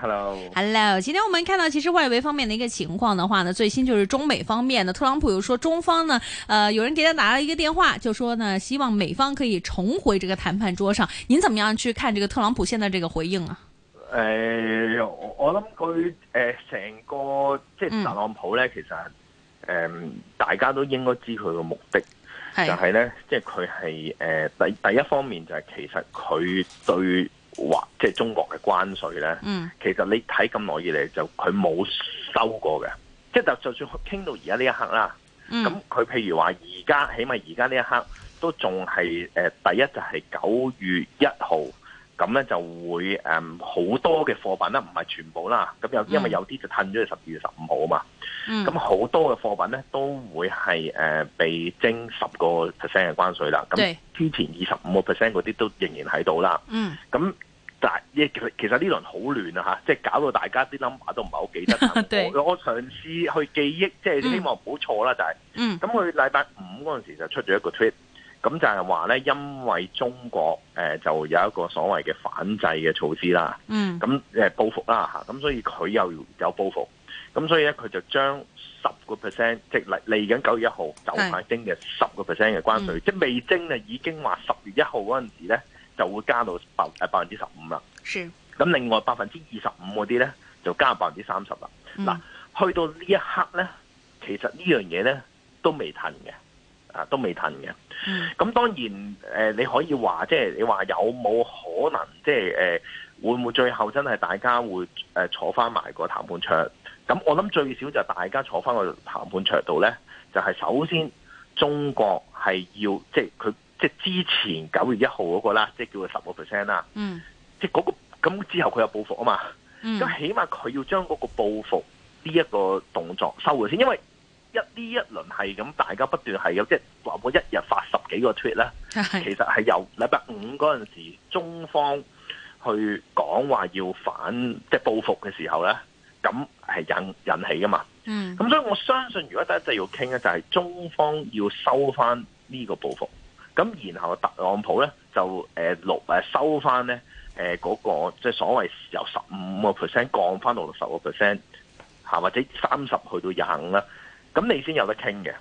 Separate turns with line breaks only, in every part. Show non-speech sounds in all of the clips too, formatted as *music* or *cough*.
Hello，hello，今天我們看到其實外圍方面的一個情況的話呢，最新就是中美方面呢，特朗普又說中方呢，呃，有人給他打了一個電話，就說呢，希望美方可以重回這個談判桌上。您怎麼樣去看這個特朗普現在這個回應啊？
誒、呃，我諗佢誒成個即係特朗普呢，嗯、其實誒、呃、大家都應該知佢個目的，哎、就係、是、呢，即係佢係誒第第一方面就係其實佢對。話即係中國嘅關稅咧、嗯，其實你睇咁耐以嚟就佢冇收過嘅，即係就就算傾到而家呢一刻啦，咁、嗯、佢譬如話而家，起碼而家呢一刻都仲係誒，第一就係九月一號。咁咧就會誒好、嗯、多嘅貨品啦，唔係全部啦。咁有因為有啲就褪咗去十二月十五號啊嘛。咁、嗯、好多嘅貨品咧都會係誒、呃、被徵十個 percent 嘅關稅啦。咁之前二十五個 percent 嗰啲都仍然喺度啦。嗯。咁但係其實呢輪好亂啊嚇，即、就、係、是、搞到大家啲 number 都唔係好記得。 *laughs* 我我嘗試去記憶，即、就、係、是、希望唔好錯啦，就係、是。嗯。咁佢禮拜五嗰陣時就出咗一個 tweet。咁就係話咧，因為中國誒、呃、就有一個所謂嘅反制嘅措施啦，嗯，咁誒、呃、報復啦吓，咁所以佢又有報復，咁所以咧佢就將十個 percent，即係嚟嚟緊九月一號就派徵嘅十個 percent 嘅關稅，即係未徵啊，嗯、已經話十月一號嗰陣時咧就會加到百誒百分之十五啦，是，咁另外百分之二十五嗰啲咧就加百分之三十啦，嗱，去到呢一刻咧，其實呢樣嘢咧都未停嘅。啊，都未褪嘅。咁當然，誒、呃、你可以話，即、就、係、是、你話有冇可能，即係誒會唔會最後真係大家會誒、呃、坐翻埋個談判桌？咁我諗最少就大家坐翻個談判桌度咧，就係、是、首先中國係要即係佢即係之前九月一號嗰個啦，即係叫佢十個 percent 啦。嗯，即係、那、嗰個咁之後佢有報復啊嘛。咁、嗯、起碼佢要將嗰個報復呢一個動作收回先，因為。一呢一輪係咁，大家不斷係有即係話我一日發十幾個 tweet 啦。其實係由禮拜五嗰陣時，中方去講話要反即係、就是、報復嘅時候咧，咁係引引起噶嘛。咁、嗯、所以我相信，如果第一要就要傾咧，就係中方要收翻呢個報復，咁然後特朗普咧就誒落誒收翻咧誒嗰個即係、就是、所謂由十五個 percent 降翻到十個 percent 嚇，或者三十去到廿五啦。咁你先有得傾嘅，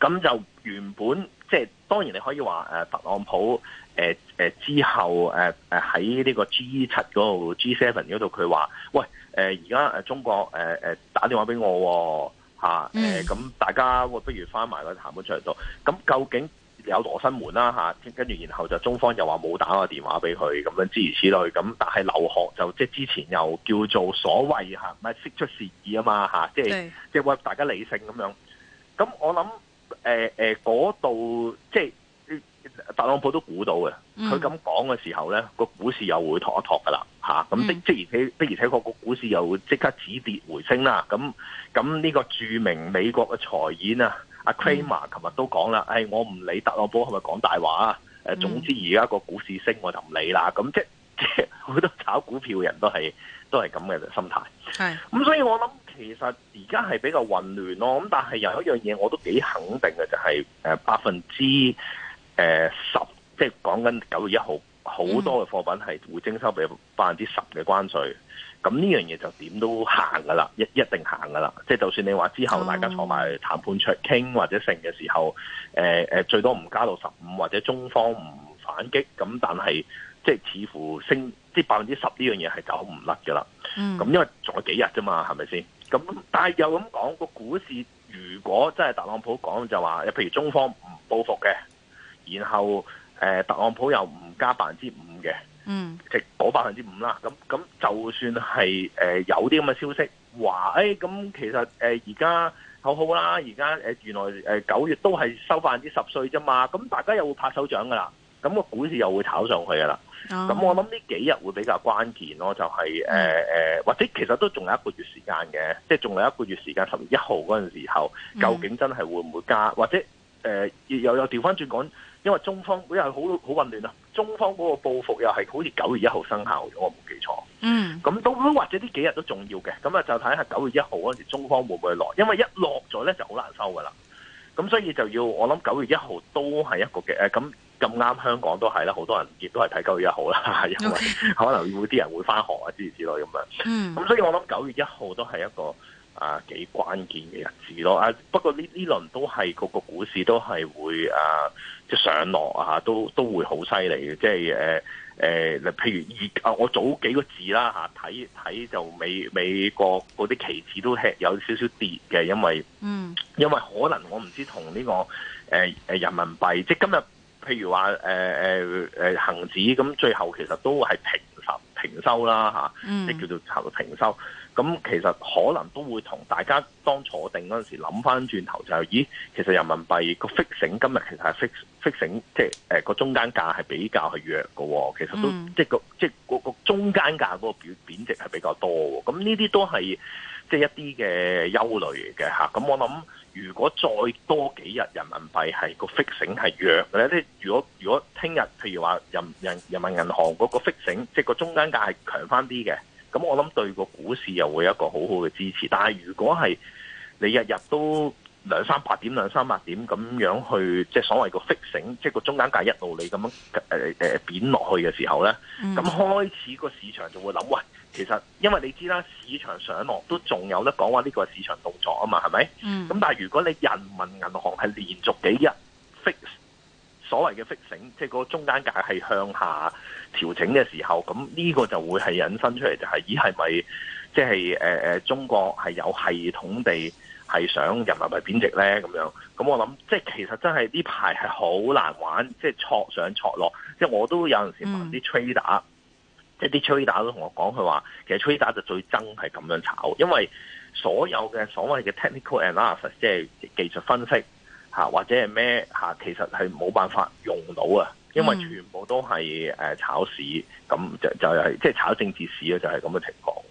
咁就原本即係當然你可以話、啊、特朗普誒、啊啊、之後誒喺呢個 G 七嗰度 G seven 嗰度佢話喂誒而家中國誒、啊、打電話俾我喎、啊。啊」誒、啊、咁、啊、大家不如翻埋個談本出嚟做，咁、啊啊啊嗯、究竟？有羅生門啦、啊、嚇，跟住然後就中方又話冇打個電話俾佢咁樣，諸如此類咁。但係劉鶴就即係之前又叫做所謂嚇，咪係釋出善意啊嘛嚇，即係即係大家理性咁樣。咁我諗誒誒嗰度即係特朗普都估到嘅，佢咁講嘅時候咧，股討討啊嗯、個股市又會托一托噶啦嚇。咁即即而且不而且個股市又會即刻止跌回升啦。咁咁呢個著名美國嘅財演，啊！阿 Kramer 琴日都講啦，誒、嗯哎、我唔理特朗普係咪講大話啊，總之而家個股市升我就唔理啦，咁、嗯、即係即係好多炒股票人都係都係咁嘅心態。咁所以我諗其實而家係比較混亂咯，咁但係有一樣嘢我都幾肯定嘅就係、誒、百分之誒十，即係講緊九月一號好多嘅貨品係會徵收俾百分之十嘅關稅。咁呢樣嘢就點都行噶啦，一一定行噶啦。即係就算你話之後大家坐埋談判桌傾或者成嘅時候，mm. 呃、最多唔加到十五，或者中方唔反擊，咁但係即係似乎升即係百分之十呢樣嘢係走唔甩噶啦。咁、mm. 因為仲有幾日啫嘛，係咪先？咁但係又咁講個股市，如果真係特朗普講就話，譬如中方唔報復嘅，然後誒、呃、特朗普又唔加百分之五嘅。嗯，值嗰百分之五啦，咁咁就算係誒、呃、有啲咁嘅消息話，誒咁、欸、其實誒而家好好啦，而家誒原來誒九、呃、月都係收百分之十歲啫嘛，咁大家又會拍手掌噶啦，咁、那個股市又會炒上去噶啦。
咁、哦、我諗呢
幾日會比較關鍵咯，就係誒誒，或者其實都仲有一個月時間嘅，即係仲有一個月時間，十月一號嗰陣時候，究竟真係會唔會加，嗯、或者誒、呃、又又調返轉講。因為中方因為好好混亂啊，中方嗰個報復又係好似九月一號生效，我冇記錯。嗯，咁都或者呢幾日都重要嘅，咁啊就睇下九月一號嗰陣時中方會唔會落，因為一落咗咧就好難收噶啦。咁所以就要我諗九月一號都係一個嘅，誒咁咁啱香港都係啦，好多人亦都係睇九月一號啦，因為可能會啲人會翻學啊之如此類咁樣。嗯，咁所以我諗九月一號都係一個。啊，幾關鍵嘅日子咯！啊，不過呢呢輪都係個個股市都係會啊，即上落啊，都都會好犀利嘅。即係誒誒，嗱、啊呃，譬如而啊，我早幾個字啦嚇，睇、啊、睇就美美國嗰啲期指都係有少少跌嘅，因為嗯，因為可能我唔知同呢、呢個誒誒、啊、人民幣即今日譬如話誒誒誒恆指咁，最後其實都係平、平收啦嚇，嗯，即叫做查平收。啊咁其實可能都會同大家當坐定嗰陣時，諗翻轉頭就係，是，咦，其實人民幣個 fixing 今日其實係 fix fixing，即係誒個中間價係比較係弱嘅喎，哦。其實都即係個即係嗰中間價嗰個貶貶值係比較多嘅。咁呢啲都係即係一啲嘅憂慮嘅嚇。咁我諗如果再多幾日，人民幣係個 fixing 係弱嘅咧，即係如果如果聽日譬如話人人人民銀行嗰個 fixing，即係個中間價係強翻啲嘅。咁我諗對個股市又會有一個好好嘅支持，但係如果係你日日都兩三百點兩三百點咁樣去，即係所謂個 fixing，即係個中間價一路你咁樣誒誒貶落去嘅時候咧，咁開始個市場就會諗，喂，其實因為你知啦，市場上落都仲有得講話呢個係市場動作啊嘛，係咪？咁但係如果你人民銀行係連續幾日 fix 所謂嘅 fixing，即係個中間價係向下。調整嘅時候，咁呢個就會係引申出嚟，就係咦係咪即係中國係有系統地係想人民幣貶值咧？咁樣咁我諗，即係其實真係呢排係好難玩，即係挫上挫落。即係我都有陣時問啲 trader，即、嗯、啲、就是、trader 都同我講佢話，其實 trader 就最憎係咁樣炒，因為所有嘅所謂嘅 technical analysis，即係技術分析吓，或者係咩吓，其實係冇辦法用到啊。因為全部都係誒炒市，咁就就係即係炒政治市啊，就係咁嘅情況。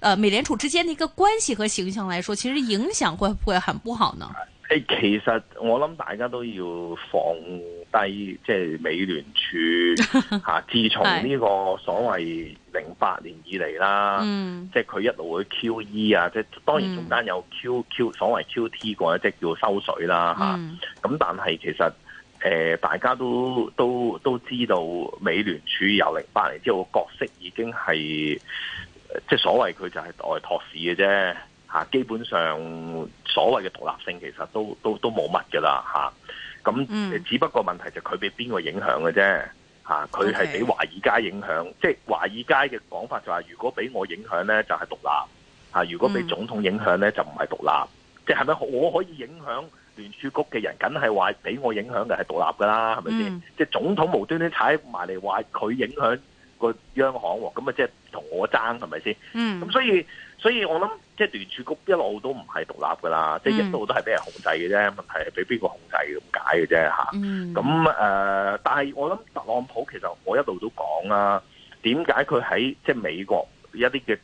誒、呃，美聯儲之間的一個關係和形象來說，其實影響會不會很不好呢？誒，
其實我諗大家都要放低即係、就是、美聯儲吓、 *laughs* 啊，自從呢個所謂零八年以嚟啦， *laughs* 嗯、即係佢一路會 QE 啊，即係當然中間有 QQ、嗯、所謂 QT 過，即係叫收水啦吓。咁、嗯啊、但係其實誒、呃，大家都都都知道美聯儲由零八年之後個角色已經係。即係所謂佢就係代託市嘅啫，嚇！基本上所謂嘅獨立性其實都都都冇乜嘅啦，嚇、啊！咁、嗯，只不過問題就佢俾邊個影響嘅啫，嚇、啊！佢係俾華爾街影響，okay. 即係華爾街嘅講法就係、是、如果俾我影響咧就係、是、獨立，嚇、啊！如果俾總統影響咧、嗯、就唔係獨立，即係咪我可以影響聯儲局嘅人，梗係話俾我影響嘅係獨立㗎啦，係咪先？即係總統無端端踩埋嚟話佢影響。個央行喎，咁啊即係同我爭係咪先？咁、嗯、所以所以我諗，即係聯儲局一、嗯就是、一路都唔係獨立噶啦，即係一路都係俾人控制嘅啫。問題係俾邊個控制咁解嘅啫吓，咁、嗯、誒、呃，但係我諗特朗普其實我一路都講啦、啊，點解佢喺即係美國一啲嘅。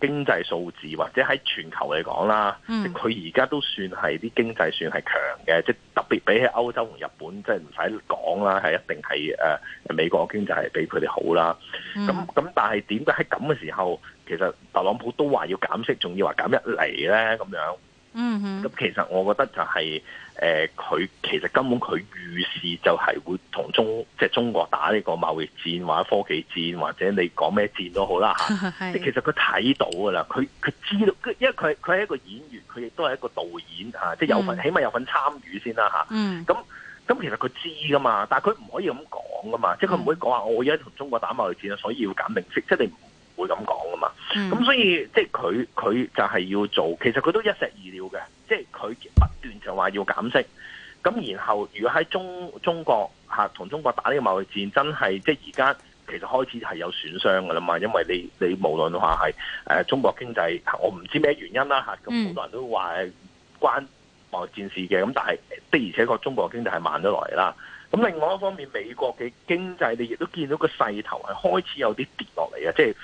經濟數字或者喺全球嚟講啦，佢而家都算係啲經濟算係強嘅，即係特別比起歐洲同日本，即係唔使講啦，係一定係誒、呃、美國嘅經濟係比佢哋好啦。
咁、嗯、
咁，但係點解喺咁嘅時候，其實特朗普都話要減息，仲要話減一厘咧咁樣。嗯哼，
咁其
實我覺得就係、是。誒、呃，佢其實根本佢預示就係會同中即係、就是、中國打呢個貿易戰，或者科技戰，或者你講咩戰都好啦吓。即其實佢睇到噶啦，佢佢知道，因為佢佢係一個演員，佢亦都係一個導演啊，即、就、係、是、有份、嗯、起碼有份參與先啦吓。咁、嗯、咁其實佢知噶嘛，但係佢唔可以咁講噶嘛，即係佢唔可以講啊！我而家同中國打貿易戰啊，所以要減明息，即係你不。會咁講噶嘛？咁、嗯、所以即係佢佢就係要做，其實佢都一石二鳥嘅。即係佢不斷就話要減息，咁然後如果喺中中國吓同、啊、中國打呢個貿易戰，真係即係而家其實開始係有損傷噶啦嘛。因為你你無論話係誒、啊、中國經濟，我唔知咩原因啦吓，咁好多人都話係關貿易戰事嘅。咁、嗯、但係的而且確中國經濟係慢咗落嚟啦。咁另外一方面，美國嘅經濟你亦都見到個勢頭係開始有啲跌落嚟嘅。即係。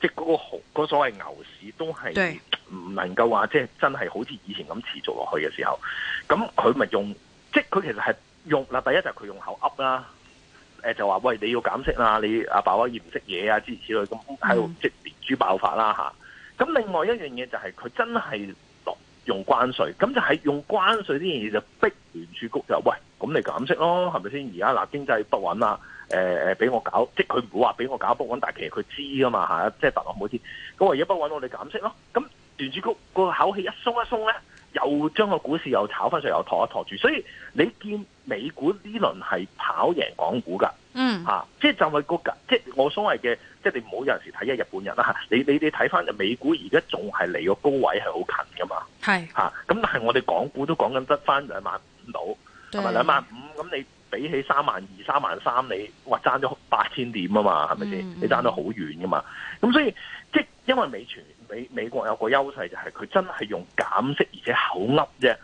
即嗰個熊，嗰所謂牛市都係唔能夠話即係真係好似以前咁持續落去嘅時候，咁佢咪用？即佢其實係用嗱，第一就係佢用口噏啦、呃，就話喂你要減息啦，你阿爸爸姨唔識嘢啊之類咁喺度即連連珠爆發啦吓，咁、嗯、另外一樣嘢就係佢真係落用關稅，咁就係用關稅呢樣嘢就逼聯儲局就喂咁你減息咯，係咪先？而家嗱經濟不穩啦。誒、呃、誒，俾我搞，即係佢唔會話俾我搞不穩，但係其實佢知噶嘛吓、啊，即係特朗普啲。咁而家不穩，我哋減息咯。咁聯儲局個口氣一鬆一鬆咧，又將個股市又炒翻上，又托一托住。所以你見美股呢輪係跑贏港股噶，嗯吓、啊，即係就係、個即係我所謂嘅，即係你唔好有陣時睇一日本人啦吓，你你你睇翻美股而家仲係離個高位係好近噶嘛，係吓、啊。咁但係我哋港股都講緊得翻兩萬五度，同埋兩萬五？咁你？比起三萬二、三萬三，你話爭咗八千點啊嘛，係咪先？你爭得好遠噶嘛。咁所以即因為美全美美國有個優勢、就係，就係佢真係用減息而且口噏啫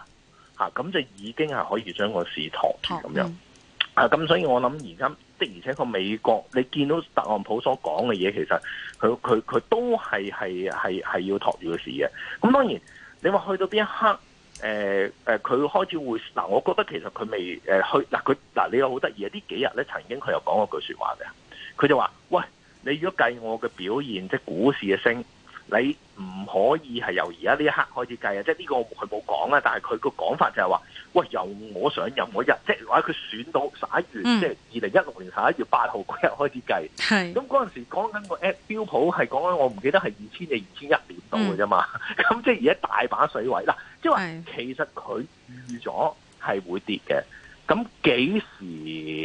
嚇，咁、啊、就已經係可以將個市托住咁樣。Mm -hmm. 啊，咁所以我諗而家即而且個美國，你見到特朗普所講嘅嘢，其實佢佢佢都係係係係要托住個市嘅。咁當然你話去到邊一刻？誒、呃、誒，佢、呃、開始會嗱、呃，我覺得其實佢未誒、呃、去嗱，佢、呃、嗱、呃，你又好得意啊！幾呢幾日咧，曾經佢又講過句説話嘅，佢就話：喂，你如果計我嘅表現，即係股市嘅升。你唔可以係由而家呢一刻開始計啊，即係呢個佢冇講啊，但係佢個講法就係話，喂，由我上任嗰日，即係話佢選到十一月，即係二零一六年十一月八號嗰日開始計。係。咁嗰陣時講緊個 A p 標普係講緊我唔記得係二千定二千一點度嘅啫嘛。咁、嗯嗯、即係而家大把水位啦，即係話其實佢預咗係會跌嘅。咁幾時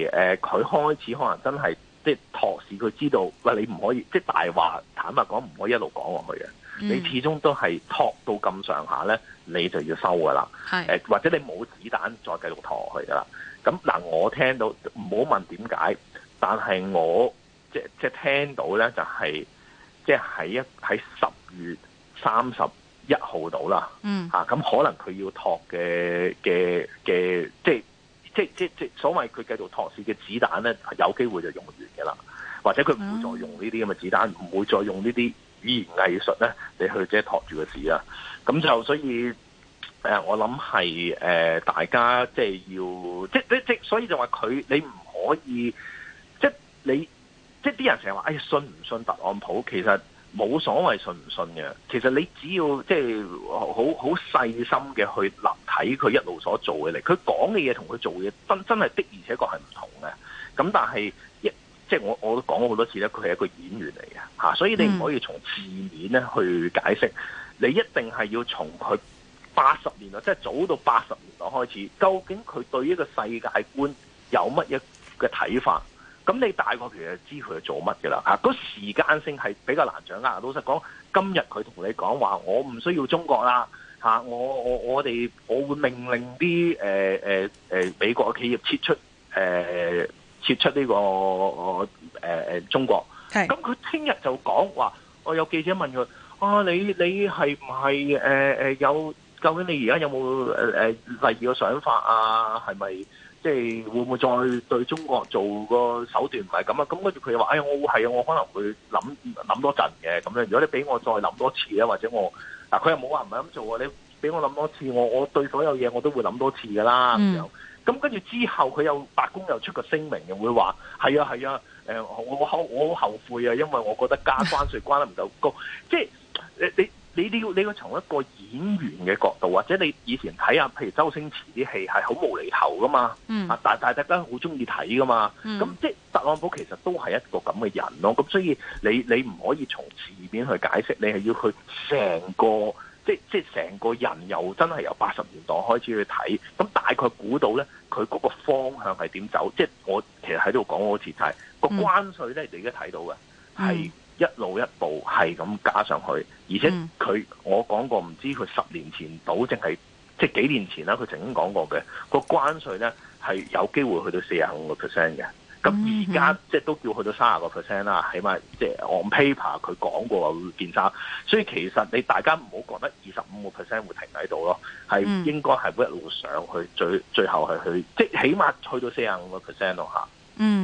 誒佢開始可能真係？即係託市，佢知道，喂，你唔可以，即係大話。坦白講，唔可以一路講落去嘅。嗯、你始終都係托到咁上下咧，你就要收噶啦。係，或者你冇子彈再繼續托落去噶啦。咁嗱，我聽到唔好問點解，但係我即係即係聽到咧、就是，就係即係喺一喺十月三十一號到啦。嗯、啊，咁可能佢要托嘅嘅嘅，即係。即即即所謂佢繼續托市嘅子彈咧，有機會就用完嘅啦，或者佢唔會再用呢啲咁嘅子彈，唔、嗯、會再用呢啲語言藝術咧，你去即係托住個市啊，咁就所以誒、呃，我諗係誒大家即係要即即即，所以就話佢你唔可以即係你即係啲人成日話誒信唔信特朗普其實。冇所謂信唔信嘅，其實你只要即係好好細心嘅去睇佢一路所做嘅嚟，佢講嘅嘢同佢做嘅真真係的而且確係唔同嘅。咁但係一即係、就是、我我都講咗好多次咧，佢係一個演員嚟嘅嚇，所以你唔可以從字面咧去解釋。嗯、你一定係要從佢八十年代，即、就、係、是、早到八十年代開始，究竟佢對一個世界觀有乜嘢嘅睇法？咁你大概其實知佢係做乜嘅啦嚇，嗰個時間性係比較難掌握。老實講，今日佢同你講話，我唔需要中國啦嚇，我我我哋我會命令啲誒誒誒美國企業撤出誒、呃、撤出呢、個誒誒、呃、中國，咁佢聽日就講話，我有記者問佢啊，你你係唔係誒誒有？究竟你而家有冇誒誒另一個想法啊？係咪？即係會唔會再對中國做個手段唔係咁啊？咁跟住佢又話：哎呀，我係啊，我可能會諗諗多陣嘅咁樣。如果你俾我再諗多次咧，或者我嗱，佢又冇話唔係咁做啊！你俾我諗多次，我我對所有嘢我都會諗多次噶啦。咁跟住之後他，佢又白宮又出個聲明，又會話：係啊係啊，誒，我後我，我好後悔啊，因為我覺得加關稅關得唔夠高， *laughs* 即係你你。你你你要你要從一個演員嘅角度，或者你以前睇下譬如周星馳啲戲係好無厘頭噶嘛，啊、嗯，大但，但大家好中意睇噶嘛，咁、嗯、即係特朗普其實都係一個咁嘅人咯。咁所以你你唔可以從字面去解釋，你係要去成個即係即係成個人又真係由真係由八十年代開始去睇，咁大概估到咧佢嗰個方向係點走？即係我其實喺度講我好似就係個關稅咧，你而家睇到嘅係。嗯一路一步係咁加上去，而且佢我講過，唔知佢十年前到，淨係即係幾年前啦，佢曾經講過嘅個關稅咧係有機會去到四十五個 percent 嘅。咁而家即係都叫去到三十個 percent 啦，起碼即係 on paper 佢講過話會變三，所以其實你大家唔好覺得二十五個 percent 會停喺度咯，係應該係一路上去，最最後係去即係起碼去到四十五個 percent 咯嚇。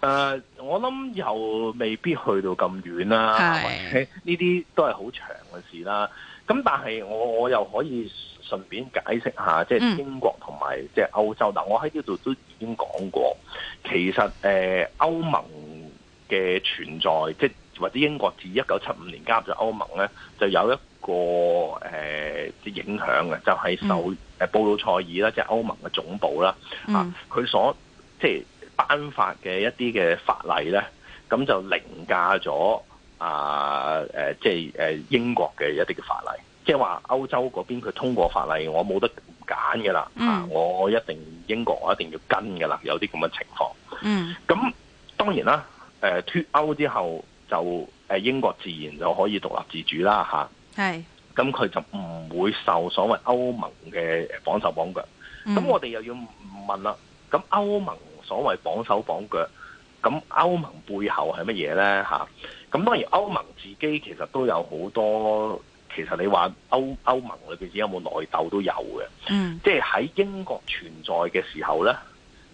誒、uh，我諗又未必去到咁遠啦，係呢啲都係好長嘅事啦。咁但係我我又可以順便解釋下，即、就、係、是、英國同埋即係歐洲。嗱、嗯，我喺呢度都已經講過，其實誒歐、呃、盟嘅存在，即係或者英國自一九七五年加入咗歐盟咧，就有一個誒嘅、呃、影響嘅，就係、是、受誒、嗯、布魯塞爾啦，即係歐盟嘅總部啦、嗯，啊，佢所即係。頒發嘅一啲嘅法例呢，咁就凌駕咗啊，啊即係、啊、英國嘅一啲嘅法例，即係話歐洲嗰邊佢通過法例，我冇得唔揀嘅啦，我一定英國我一定要跟嘅啦，有啲咁嘅情況，嗯，咁當然啦，誒脫歐之後就、啊、英國自然就可以獨立自主啦，吓，係、啊，咁佢就唔會受所謂歐盟嘅綁手綁腳，咁、嗯、我哋又要問啦，咁歐盟，所謂綁手綁腳，咁歐盟背後係乜嘢咧？嚇、啊，咁當然歐盟自己其實都有好多，其實你話歐歐盟裏邊自有冇內鬥都有嘅，嗯、mm.，即係喺英國存在嘅時候咧，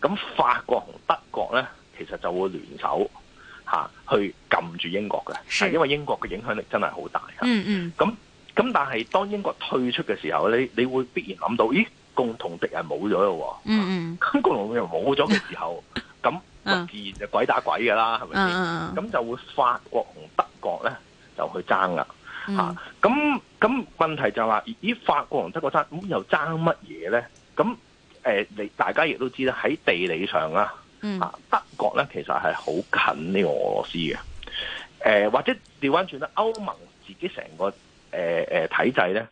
咁法國同德國咧，其實就會聯手嚇、啊、去撳住英國嘅，係因為英國嘅影響力真係好大，嗯、
mm、嗯 -hmm. 啊，
咁咁但係當英國退出嘅時候，你你會必然諗到，咦？共同敵人冇咗咯，共同敵人冇咗嘅時候，咁、嗯、自然就鬼打鬼㗎啦，係咪先？咁、嗯、就會法國同德國咧就去爭啦，吓咁咁問題就係話，咦，法國同德國爭，咁又爭乜嘢咧？咁誒，你、呃、大家亦都知啦，喺地理上啊，德國咧其實係好近呢個俄羅斯嘅，誒、呃、或者調翻轉啦，歐盟自己成個誒誒、呃呃、體制咧。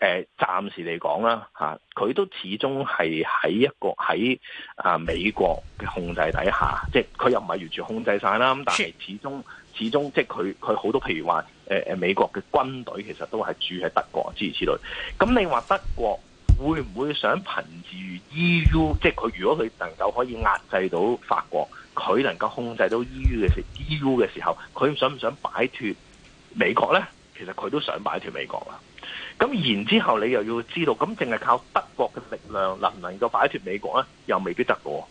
誒，暫時嚟講啦，嚇佢都始終係喺一個喺啊美國嘅控制底下，即係佢又唔係完全控制晒啦。咁但係始終始終，即係佢佢好多譬如話誒誒美國嘅軍隊其實都係住喺德國諸如此類。咁你話德國會唔會想憑住 EU？即係佢如果佢能夠可以壓制到法國，佢能夠控制到 EU 嘅時 EU 嘅時候，佢想唔想擺脫美國咧？其實佢都想擺脫美國啦。咁然之後，你又要知道，咁淨係靠德國嘅力量，能唔能夠擺脱美國咧？又未必得嘅喎。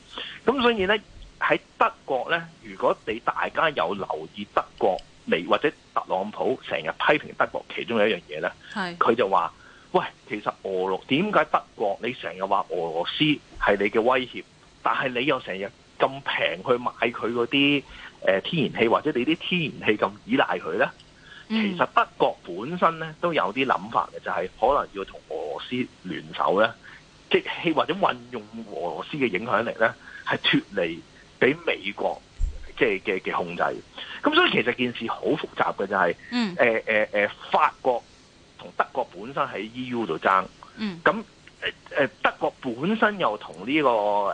咁所以咧，喺德國咧，如果你大家有留意德國，你或者特朗普成日批評德國其中一樣嘢咧，
係佢就
話：喂，其實俄羅點解德國你成日話俄羅斯係你嘅威脅，但係你又成日咁平去買佢嗰啲誒天然氣，或者你啲天然氣咁依賴佢咧？嗯、其實德國本身咧都有啲諗法嘅、就是，就係可能要同俄羅斯聯手咧，即係或者運用俄羅斯嘅影響力咧，係脫離俾美國即係嘅嘅控制。咁所以其實件事好複雜嘅、就是，就係誒誒誒法國同德國本身喺 EU 度爭。咁誒誒，德國本身又同呢、這個誒誒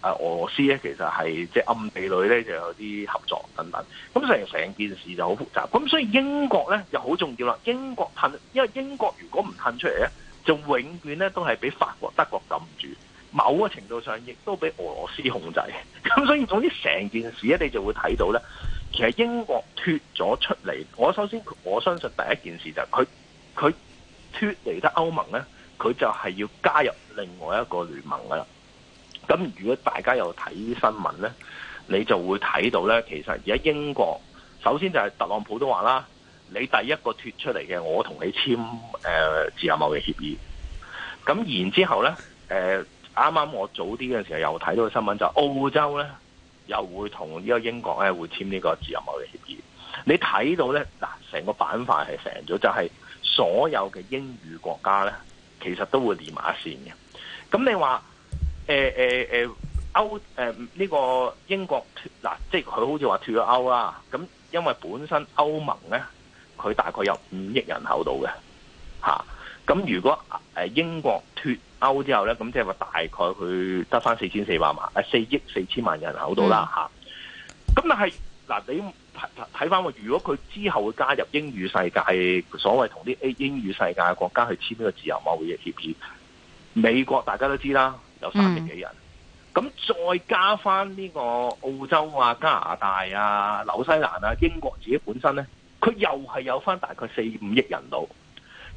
啊俄羅斯咧，其實係即係暗地裏咧就有啲合作等等。咁成成件事就好複雜。咁所以英國咧就好重要啦。英國褪，因為英國如果唔褪出嚟咧，就永遠咧都係俾法國、德國撳住。某個程度上，亦都俾俄羅斯控制。咁所以總之成件事咧，你就會睇到咧，其實英國脫咗出嚟。我首先我相信第一件事就佢、係、佢脫離得歐盟咧。佢就係要加入另外一個聯盟噶啦。咁如果大家又睇新聞呢，你就會睇到呢。其實而家英國首先就係特朗普都話啦，你第一個脫出嚟嘅，我同你簽誒、呃、自由貿易協議。咁然之後呢，誒啱啱我早啲嘅時候又睇到新聞，就是澳洲呢，又會同呢個英國呢會簽呢個自由貿易協議。你睇到呢，嗱，成個板塊係成咗，就係、是、所有嘅英語國家呢。其實都會連埋一線嘅，咁你話誒誒誒歐誒呢、欸這個英國嗱、啊，即係佢好似話脫咗歐啦，咁因為本身歐盟咧，佢大概有五億人口度嘅，嚇，咁、啊、如果英國脫歐之後咧，咁即係話大概佢得翻四千四百萬啊四億四千萬人口度啦嚇，咁但係。嗱，你睇睇翻，如果佢之後會加入英語世界，所謂同啲英語世界嘅國家去簽呢個自由貿易協議，美國大家都知啦，有三億幾人，咁、嗯、再加翻呢個澳洲啊、加拿大啊、紐西蘭啊、英國自己本身呢，佢又係有翻大概四五億人度。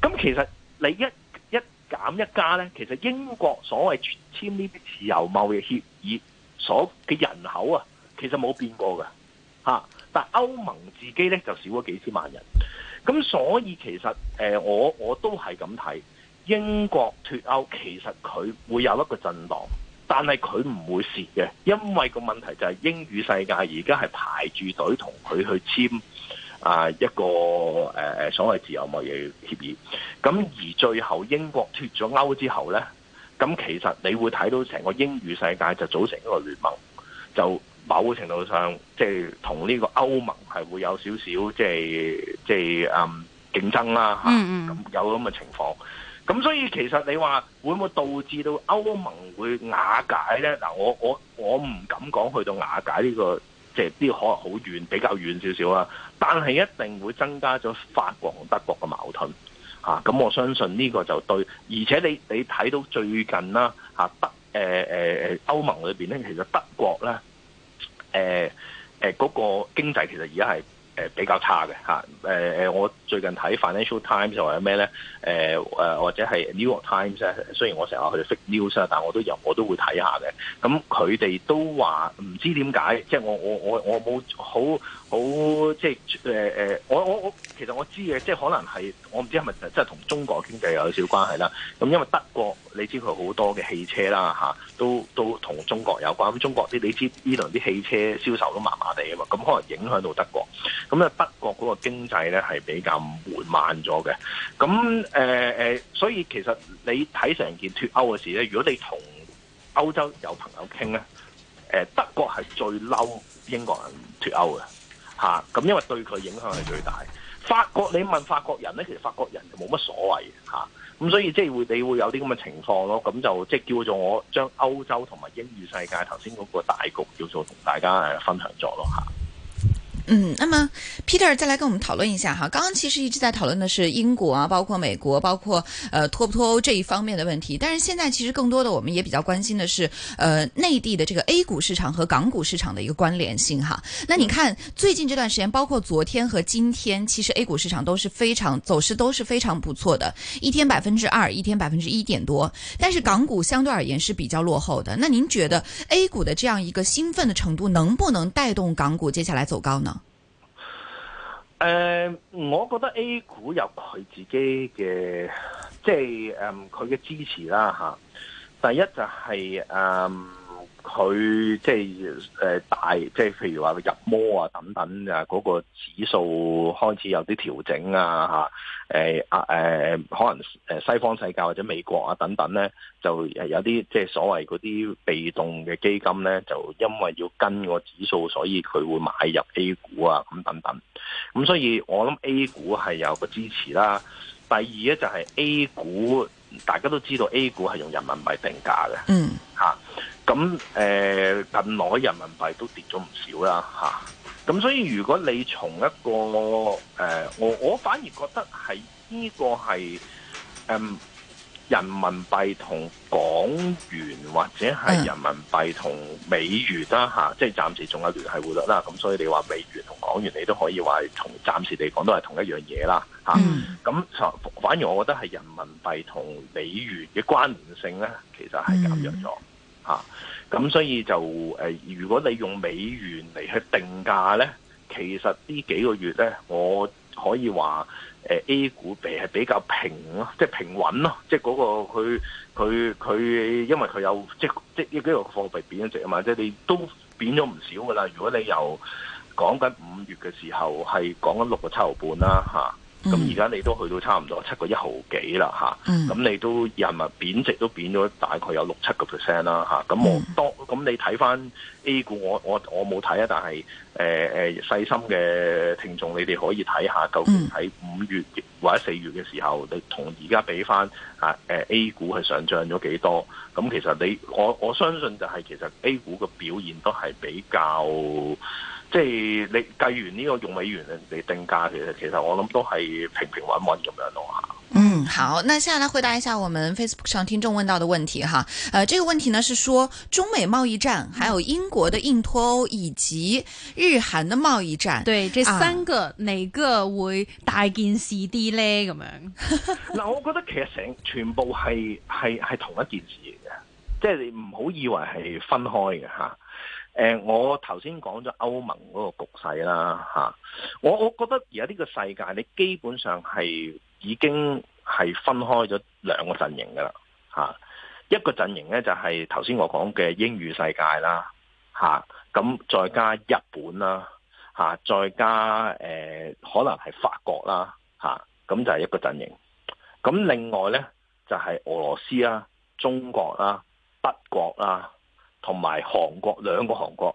咁其實你一一減一加呢，其實英國所謂簽呢啲自由貿易協議所嘅人口啊，其實冇變過噶。啊、但歐盟自己咧就少咗幾千萬人，咁所以其實誒、呃，我我都係咁睇，英國脱歐其實佢會有一個震蕩，但係佢唔會蝕嘅，因為個問題就係英語世界而家係排住隊同佢去簽啊一個誒、啊、所謂自由貿易協議，咁而最後英國脱咗歐之後咧，咁其實你會睇到成個英語世界就組成一個聯盟就。某程度上，即係同呢個歐盟係會有少少即係即係誒、嗯、競爭啦嚇，咁、啊、有咁嘅情況，咁所以其實你話會唔會導致到歐盟會瓦解咧？嗱，我我我唔敢講去到瓦解呢、這個，即係呢個可能好遠比較遠少少啦。但係一定會增加咗法國同德國嘅矛盾嚇。咁、啊、我相信呢個就對，而且你你睇到最近啦吓、啊、德誒誒誒歐盟裏邊咧，其實德國咧。誒誒嗰個經濟其實而家係誒比較差嘅嚇，誒誒我最近睇 Financial Times 呢、呃、或者咩咧，誒誒或者係 New York Times 啊，雖然我成日去 fake news 啊，但我都有我都會睇下嘅。咁佢哋都話唔知點解，即係我我我我冇好。好，即係誒誒，我我我其實我知嘅，即係可能係我唔知係咪真係同中國經濟有少少關係啦。咁因為德國，你知佢好多嘅汽車啦嚇，都都同中國有關。咁中國啲你知呢輪啲汽車銷售都麻麻地啊嘛。咁可能影響到德國。咁啊，德國嗰個經濟咧係比較緩慢咗嘅。咁誒誒，所以其實你睇成件脱歐嘅事咧，如果你同歐洲有朋友傾咧，誒德國係最嬲英國人脱歐嘅。咁、啊、因為對佢影響係最大。法國，你問法國人咧，其實法國人就冇乜所謂咁、啊、所以即係會你會有啲咁嘅情況咯。咁就即係叫做我將歐洲同埋英語世界頭先嗰個大局叫做同大家誒分享咗咯嚇。
嗯，那麼 Peter 再來跟我們討論一下哈。剛剛其實一直在討論的是英國啊，包括美國，包括呃脫不脫歐這一方面的問題。但是現在其實更多的我們也比較關心的是呃內地的這個 A 股市場和港股市場的一個關聯性哈。那你看最近這段時間，包括昨天和今天，其實 A 股市場都是非常，走勢都是非常不錯的，一天百分之二，一天百分之一點多。但是港股相對而言是比較落後的。那您覺得 A 股的這樣一個興奮的程度能不能帶動港股接下來走高呢？
誒、uh,，我覺得 A 股有佢自己嘅，即係誒，佢、um, 嘅支持啦吓、啊。第一就係、是、誒。Um 佢即係誒、呃，大即係譬如話入摩啊，等等啊，嗰、那個指數開始有啲調整啊，吓誒啊誒、啊啊，可能誒西方世界或者美國啊等等咧，就有啲即係所謂嗰啲被動嘅基金咧，就因為要跟個指數，所以佢會買入 A 股啊，咁等等。咁所以，我諗 A 股係有個支持啦。第二咧就係 A 股，大家都知道 A 股係用人民幣定價嘅，嗯，吓、啊。咁誒、呃、近來人民幣都跌咗唔少啦，咁、啊、所以如果你從一個誒、呃、我我反而覺得係呢個係誒、嗯、人民幣同港元或者係人民幣同美元啦、啊、即係暫時仲有聯繫匯率啦，咁所以你話美元同港元你都可以話從暫時嚟講都係同一樣嘢啦，咁反而我覺得係人民幣同美元嘅關聯性咧，其實係減弱咗。嗯嗯吓、啊，咁所以就誒、呃，如果你用美元嚟去定價咧，其實呢幾個月咧，我可以話、呃、，A 股幣係比較平咯，即係平穩咯，即係嗰個佢佢佢，因為佢有即即呢幾個貨幣貶咗值啊，即係你都貶咗唔少噶啦。如果你由講緊五月嘅時候係講緊六個七毫半啦，吓咁而家你都去到差唔多七個一毫幾啦吓，咁、嗯、你都人民貶值都貶咗大概有六七個 percent 啦吓，咁我當咁你睇翻 A 股，我我我冇睇啊，但係誒誒細心嘅聽眾你哋可以睇下究竟喺五月或者四月嘅時候，你同而家比翻啊誒 A 股係上漲咗幾多？咁其實你我我相信就係，其實 A 股嘅表現都係比較。即係你計完呢個用美元嚟定價，嘅，其實我諗都係平平穩穩咁樣咯吓。嗯，
好，那現在嚟回答一下我們 Facebook 上聽眾問到的問題哈。誒、啊，這個問題呢是說中美貿易戰，還有英國的硬脫歐，以及日韓的貿易戰，嗯、對這三個、啊，哪個會大件事啲呢？咁樣
嗱，我覺得其實成全部係係係同一件事嚟嘅，即、就、係、是、你唔好以為係分開嘅吓。誒、呃，我頭先講咗歐盟嗰個局勢啦，嚇、啊！我我覺得而家呢個世界，你基本上係已經係分開咗兩個陣營噶啦，嚇、啊！一個陣營咧就係頭先我講嘅英語世界啦，嚇、啊！咁再加日本啦，嚇、啊！再加誒、呃，可能係法國啦，嚇、啊！咁就係一個陣營。咁另外咧就係、是、俄羅斯啦、中國啦、北國啦。同埋韓國，兩個韓國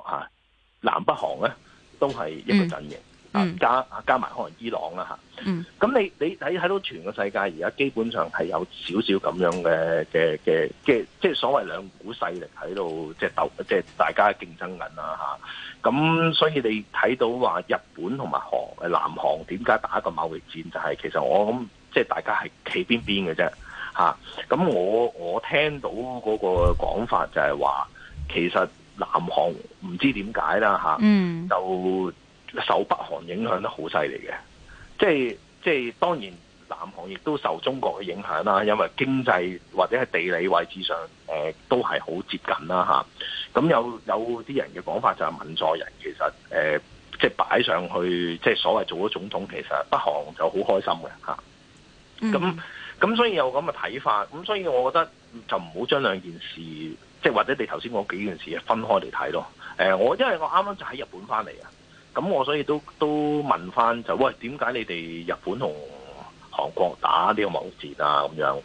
南北韓咧，都係一個陣營啊、嗯，加加埋可能伊朗啦，咁、嗯、你你睇睇到全個世界而家基本上係有少少咁樣嘅嘅嘅即係即係所謂兩股勢力喺度，即係鬥，即係大家競爭緊啦，咁所以你睇到話日本同埋韓南韓點解打一個貿易戰？就係、是、其實我諗即係大家係企邊邊嘅啫。咁我我聽到嗰個講法就係話。其實南韓唔知點解啦吓，就受北韓影響得好犀利嘅，即係即係當然南韓亦都受中國嘅影響啦，因為經濟或者係地理位置上誒、呃、都係好接近啦吓。咁、啊、有有啲人嘅講法就係文在寅，其實誒即係擺上去即係、就是、所謂做咗總統，其實北韓就好開心嘅吓。
咁、
啊、咁、嗯、所以有咁嘅睇法，咁所以我覺得就唔好將兩件事。即係或者你頭先講幾件事啊，分開嚟睇咯。誒，我因為我啱啱就喺日本翻嚟啊，咁我所以都都問翻就喂，點解你哋日本同韓國打呢個網戰啊咁樣？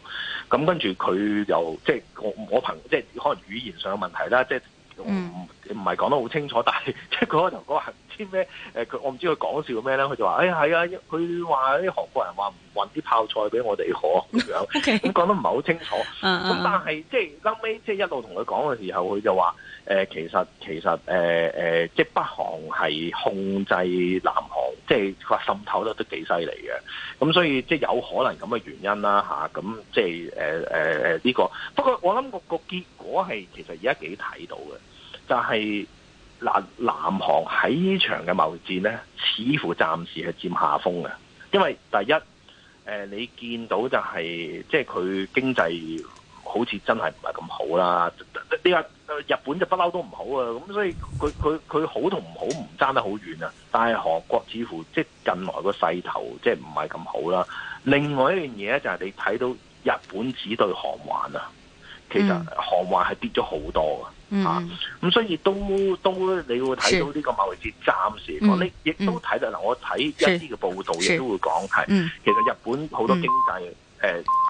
咁跟住佢又即係我我朋即係可能語言上嘅問題啦，即係唔唔係講得好清楚，但係即係佢嗰頭嗰個唔知咩誒，佢我唔知佢講笑咩咧，佢就話誒係啊，佢話啲韓國人話。搵啲泡菜俾我哋咁樣，咁講得唔係好清楚。咁、okay. uh -huh. 但係即係後尾即係一路同佢講嘅時候，佢就話：其實其實誒誒、呃，即係北韓係控制南韓，即係佢話滲透得都幾犀利嘅。咁所以即係有可能咁嘅原因啦吓，咁、啊、即係誒誒呢個。不過我諗個結果係其實而家幾睇到嘅，就係、是、嗱南韓喺呢場嘅貿戰呢，似乎暫時係佔下風嘅，因為第一。誒，你見到就係、是、即係佢經濟好似真係唔係咁好啦。你話日本就不嬲都唔好啊，咁所以佢佢佢好同唔好唔爭得好遠啊。但係韓國似乎即係近來個勢頭即係唔係咁好啦。另外一樣嘢咧，就係你睇到日本隻對韓圜啊，其實韓圜係跌咗好多啊。咁、嗯啊、所以都都，你會睇到呢個貿易戰暫時嚟講你亦都睇得。嗱、嗯，我睇、嗯嗯、一啲嘅報道亦都會講，係、嗯、其實日本好多經濟。嗯呃